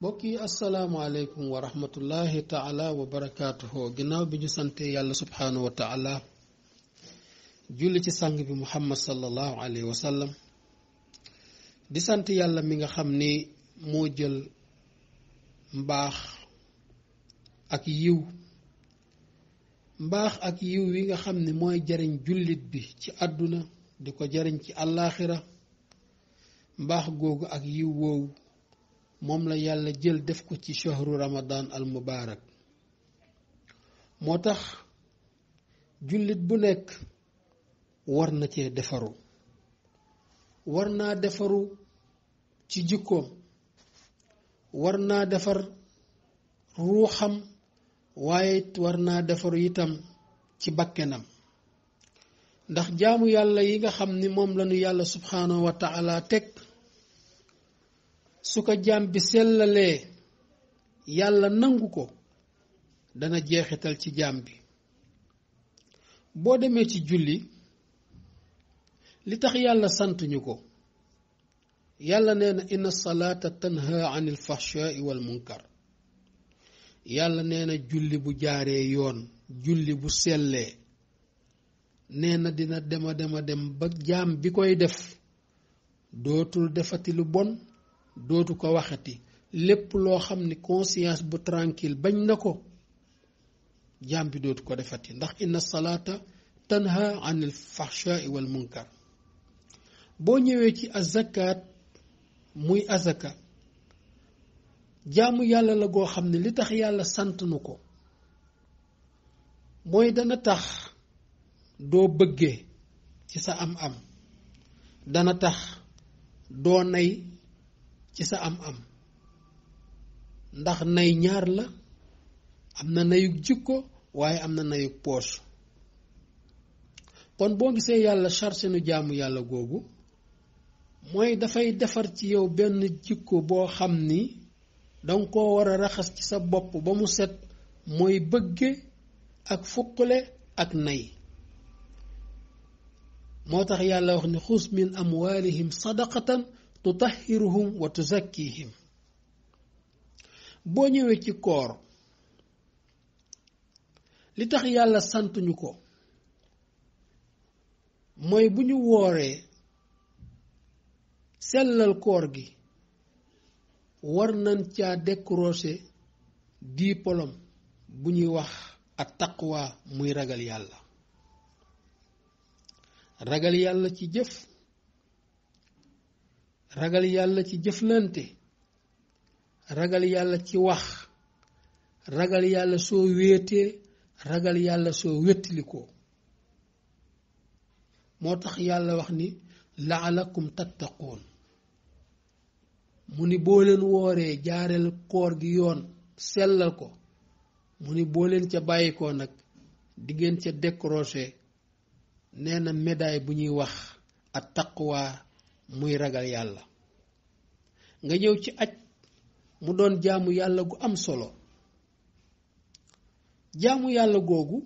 mbokki assalamu aleykum wa rahmatullahi taala wa barakaatuhu ginaaw bi ñu sante yalla subhanahu wa taala julli ci sang bi muhammad sallallahu alayhi wa sallam di sant yalla mi nga xam ni moo jël mbaax ak yiw mbaax ak yiw wi nga xam ni mooy jariñ jullit bi ci àdduna di ko jariñ ci àllaaxira mbaax googu ak yiw woowu moom la yàlla jël def ko ci shahru ramadan al mubaarak moo tax jullit bu nekk war na cee defaru war naa defaru ci jikkoom war naa defar ruuxam waaye war naa defaru itam ci bakkenam ndax jaamu yàlla yi nga xam ni moom lañu yàlla subhaanahu wa teg su ko jaam bi sellalee yàlla nangu ko dana jeexital ci jaam bi boo demee ci julli li tax yàlla santuñu ko yàlla nee na inna salaata tanha anil fahshaai wal munkar yàlla nee na julli bu jaaree yoon julli bu sellee neena dina dema dema dem ba jaam bi koy def dootul defati lu bon dootu ko waxati lépp loo xam ni conscience bu tranquille bañ na ko jaam bi dootu ko defati ndax inna salaata tanha an il fahshaai munkar boo ñëwee ci azakaat muy azaka jaamu yàlla la goo xam ne li tax yàlla sant nu ko mooy dana tax doo bëggee ci sa am am dana tax doo nay ci sa am-am ndax nay ñaar la am na nayug jikko waaye am na nayug poos kon boo gisee yàlla chargé nu jaamu yàlla googu mooy dafay defar ci yow benn jikko boo xam ni danga ko war a raxas ci sa bopp ba mu set mooy bëgge ak fuqule ak nay moo tax yàlla wax ni xus min amwalihim sadaqatan tax tutahhiruhum wa tuzakkihim boo ñëwee ci koor li tax yàlla santuñu ko mooy bu ñu wooree sellal koor gi war nañ caa décrocher polom bu ñuy wax ak taqwa muy ragal yàlla ragal yàlla ci jëf ragal yàlla ci jëflante ragal yàlla ci wax ragal yàlla soo wéetee ragal yàlla soo wéttilikoo moo tax yàlla wax ni laalakum tattaqoon mu ni boo leen wooree jaareel koor gi yoon sellal ko mu ni boo leen ca bàyyikoo nag di ca décroché nee na médaille bu ñuy wax at taqwa muy ragal yàlla nga ñëw ci aj mu doon jaamu yàlla gu am solo jaamu yàlla googu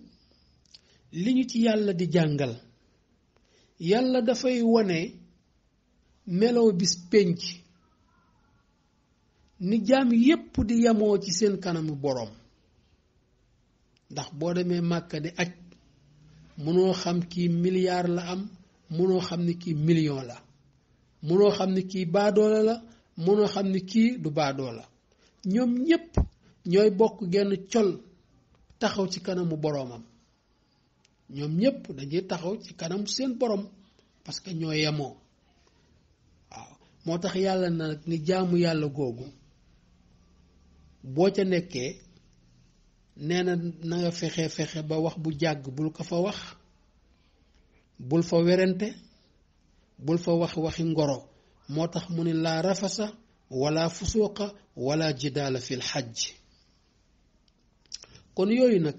li ñu ci yàlla di jàngal yàlla dafay wone melow bis pénc ni jaam yépp di yamoo ci seen kanamu boroom ndax boo demee màkka di aj mënoo xam kii milliard la am mënoo xam ni kii million la mënoo xam ne kii baadoola la mënoo xam ne kii du baadoola ñoom ñépp ñooy bokk genn col taxaw ci kanamu boroomam ñoom ñépp dañuy taxaw ci kanamu seen borom parce que ñoo yemoo waaw moo tax yàlla nag ni jaamu yàlla googu boo ca nekkee nee na na nga fexe fexe ba wax bu jàgg bul ko fa wax bul fa werante bul fa wax waxi ngoro moo tax mu ne laa rafasa wala fusuqa wala jidaala fil xajj kon yooyu nag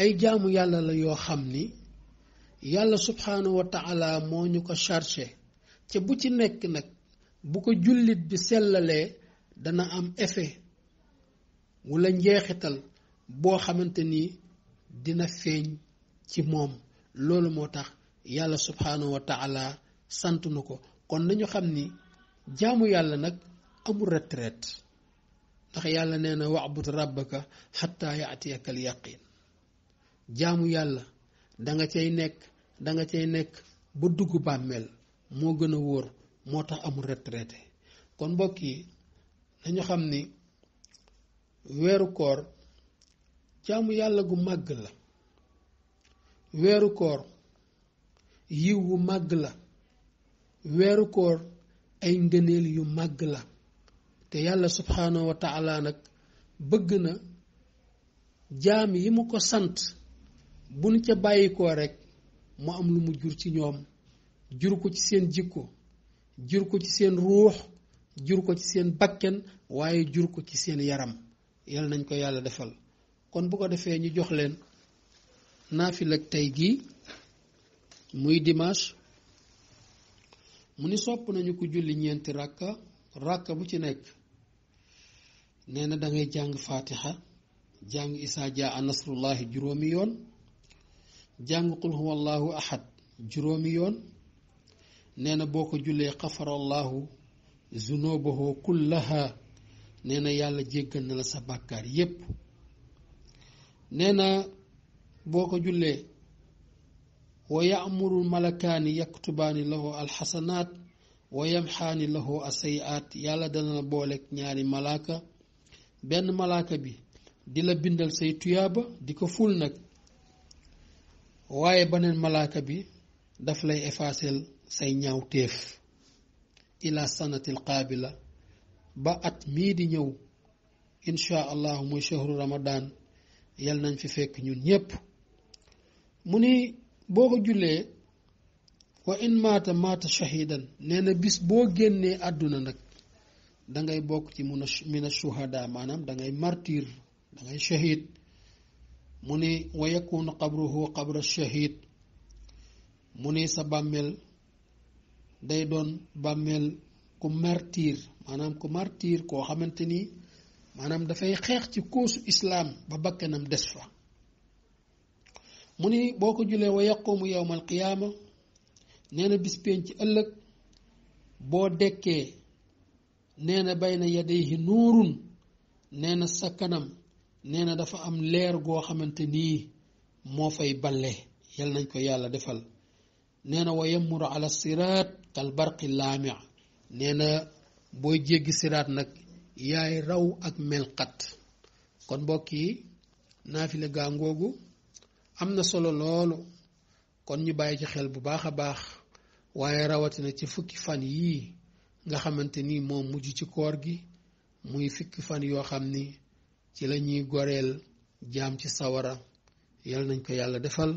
ay jaamu yàlla la yoo xam ni yàlla subhaanahu wa moo ñu ko chargé ca bu ci nekk nag bu ko jullit bi sellalee dana am effet wala njeexital boo xamante ni dina feeñ ci moom loolu moo tax yàlla subhaanahu wa taala sant nu ko kon nañu xam ni jaamu yàlla nag amul retraite ndax yàlla nee na wa'bud rabbaka xatta yaatiyaka al yaqin jaamu yàlla danga cay nekk danga cay nekk ba dugg bàmmeel moo gën a wóor moo tax amul retraité kon mbokk yi nañu xam ni weeru koor jaamu yàlla gu màgg la weeru koor yiw wu màgg la weeru koor ay ngëneel yu màgg la te yàlla subhaanahu wa nag bëgg na jaam yi mu ko sant buñ ca bàyyikoo rekk mu am lu mu jur ci ñoom jur ko ci seen jikko jur ko ci seen ruux jur ko ci seen bakken waaye jur ko ci seen yaram yal nañ ko yàlla defal kon bu ko defee ñu jox leen naafil ak tey gii muy dimanche mu ni sopp nañu ko julli ñeenti ràkka ràkka bu ci nekk nee na dangay jàng faatiha jàng isaa jaa nasrullahi juróomi yoon jàng qul ahad juróomi yoon nee na boo ko jullee xafarallahu zunubahu kullaha nee na yàlla jéggal na la sa bàkkaar yépp nee boo ko jullee wa yaamuru malakaani yaktubaani lahu alxasanaat wa yamxaani lahu asayiaat yàlla dana la booleeg ñaari malaaka benn malaaka bi di la bindal say tuyaaba di ko ful nag waaye beneen malaaka bi daf lay effacer say ñaaw téef ila sanatil qaabila ba at mii di ñëw insha allah muy shahru ramadan yal nañ fi fekk ñun ñépp mu ni boo ko jullee wa in maata maata shahidan nee na bis boo génnee àdduna nag dangay bokk ci mun a min a shuhada maanaam dangay martir dangay shahid mu ni wa yakunu qabruhu qabra shahid mu ni sa bàmmeel day doon bàmmeel ku martir maanaam ku martir koo xamante ni maanaam dafay xeex ci koosu islaam ba bakkanam des fa mu ni boo ko julee wa yaqumu yowmal qiyaama nee na bis pénc ëllëg boo dekkee nee na bay na yadayhi nuurun nee na sa kanam nee na dafa am leer goo xamante nii moo fay bale yal nañ ko yàlla defal nee na wa ala siraat kal barqi laamia nee na booy jéggi siraat nag yaay raw ak melxat kon mbokk yi naafile gaa ngoogu am na solo loolu kon ñu bàyyi ci xel bu baax a baax waaye rawatina ci fukki fan yii nga xamante ni moo mujj ci koor gi muy fukki fan yoo xam ni ci la ñuy goreel jaam ci sawara yal nañ ko yàlla defal